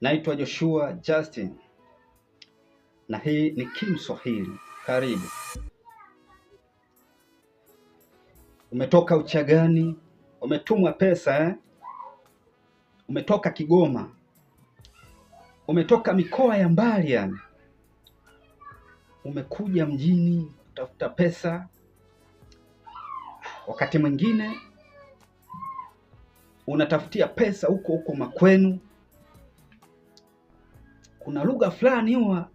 Naitwa Joshua Justin na hii ni Kimswahili. Karibu. Umetoka Uchagani, umetumwa pesa eh? Umetoka Kigoma, umetoka mikoa ya mbali yani, umekuja mjini kutafuta pesa. Wakati mwingine unatafutia pesa huko huko makwenu kuna lugha fulani huwa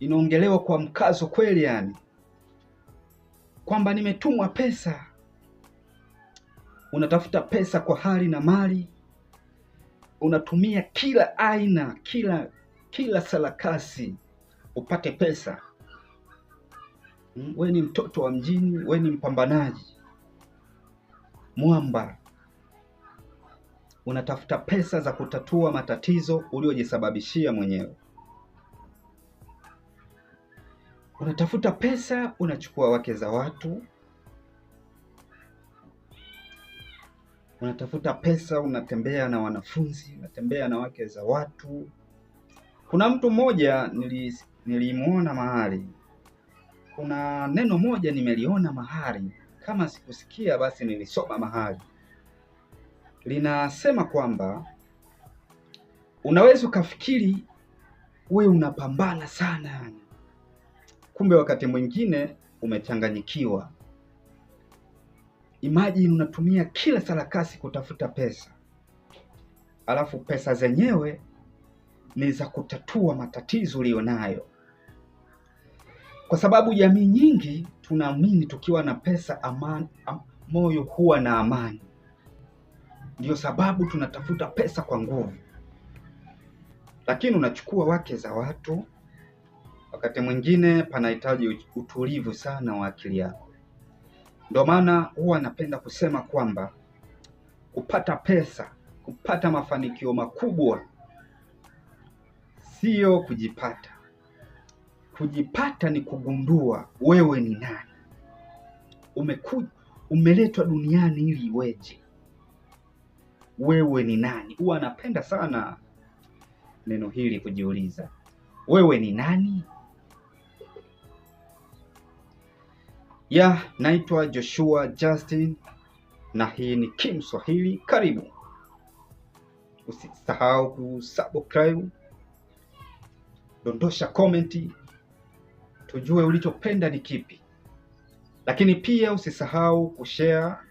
inaongelewa kwa mkazo kweli, yani kwamba nimetumwa pesa, unatafuta pesa kwa hali na mali, unatumia kila aina, kila kila sarakasi upate pesa. Hmm? We ni mtoto wa mjini, we ni mpambanaji mwamba unatafuta pesa za kutatua matatizo uliojisababishia mwenyewe. Unatafuta pesa, unachukua wake za watu. Unatafuta pesa, unatembea na wanafunzi, unatembea na wake za watu. Kuna mtu mmoja nili nilimuona mahali, kuna neno moja nimeliona mahali, kama sikusikia basi nilisoma mahali linasema kwamba unaweza ukafikiri wewe unapambana sana yani, kumbe wakati mwingine umechanganyikiwa. imajini unatumia kila sarakasi kutafuta pesa, alafu pesa zenyewe ni za kutatua matatizo ulionayo kwa sababu jamii nyingi tunaamini tukiwa na pesa amani, am, moyo huwa na amani. Ndio sababu tunatafuta pesa kwa nguvu, lakini unachukua wake za watu. Wakati mwingine panahitaji utulivu sana wa akili yako. Ndio maana huwa napenda kusema kwamba kupata pesa, kupata mafanikio makubwa sio kujipata. Kujipata ni kugundua wewe ni nani, umeku umeletwa duniani ili iweje wewe ni nani? Huwa anapenda sana neno hili kujiuliza, wewe ni nani? Ya, naitwa Joshua Justin na hii ni Kim Swahili. Karibu, usisahau kusubscribe, dondosha komenti, tujue ulichopenda ni kipi, lakini pia usisahau kushare